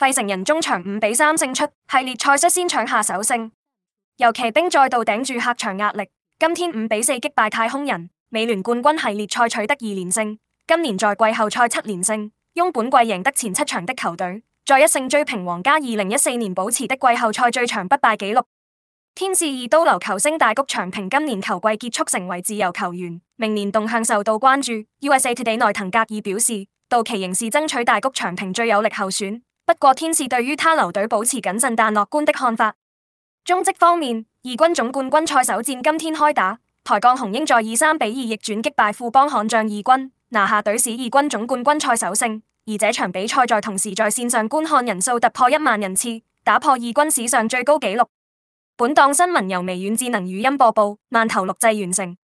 費城人中場五比三勝出，系列賽率先搶下首勝。遊騎兵再度頂住客場壓力，今天五比四擊敗太空人，美聯冠軍系列賽取得二連勝。今年在季後賽七連勝，擁本季贏得前七場的球隊，再一勝追平皇家二零一四年保持的季後賽最長不敗紀錄。天使二刀流球星大谷翔平今年球季結束成為自由球員，明年動向受到關注。USA Today 內藤格爾表示，道奇仍是爭取大谷翔平最有力候選。不過，天使對於他留隊保持謹慎但樂觀的看法。中職方面，二軍總冠軍賽首戰今天開打，台鋼雄鷹在二三比二逆轉擊，擊敗富邦悍將二軍，拿下隊史二軍總冠軍賽首勝。而這場比賽在同時在線上觀看人數突破一萬人次，打破二軍史上最高紀錄。本檔新聞由微軟智能語音播報，萬頭錄製完成。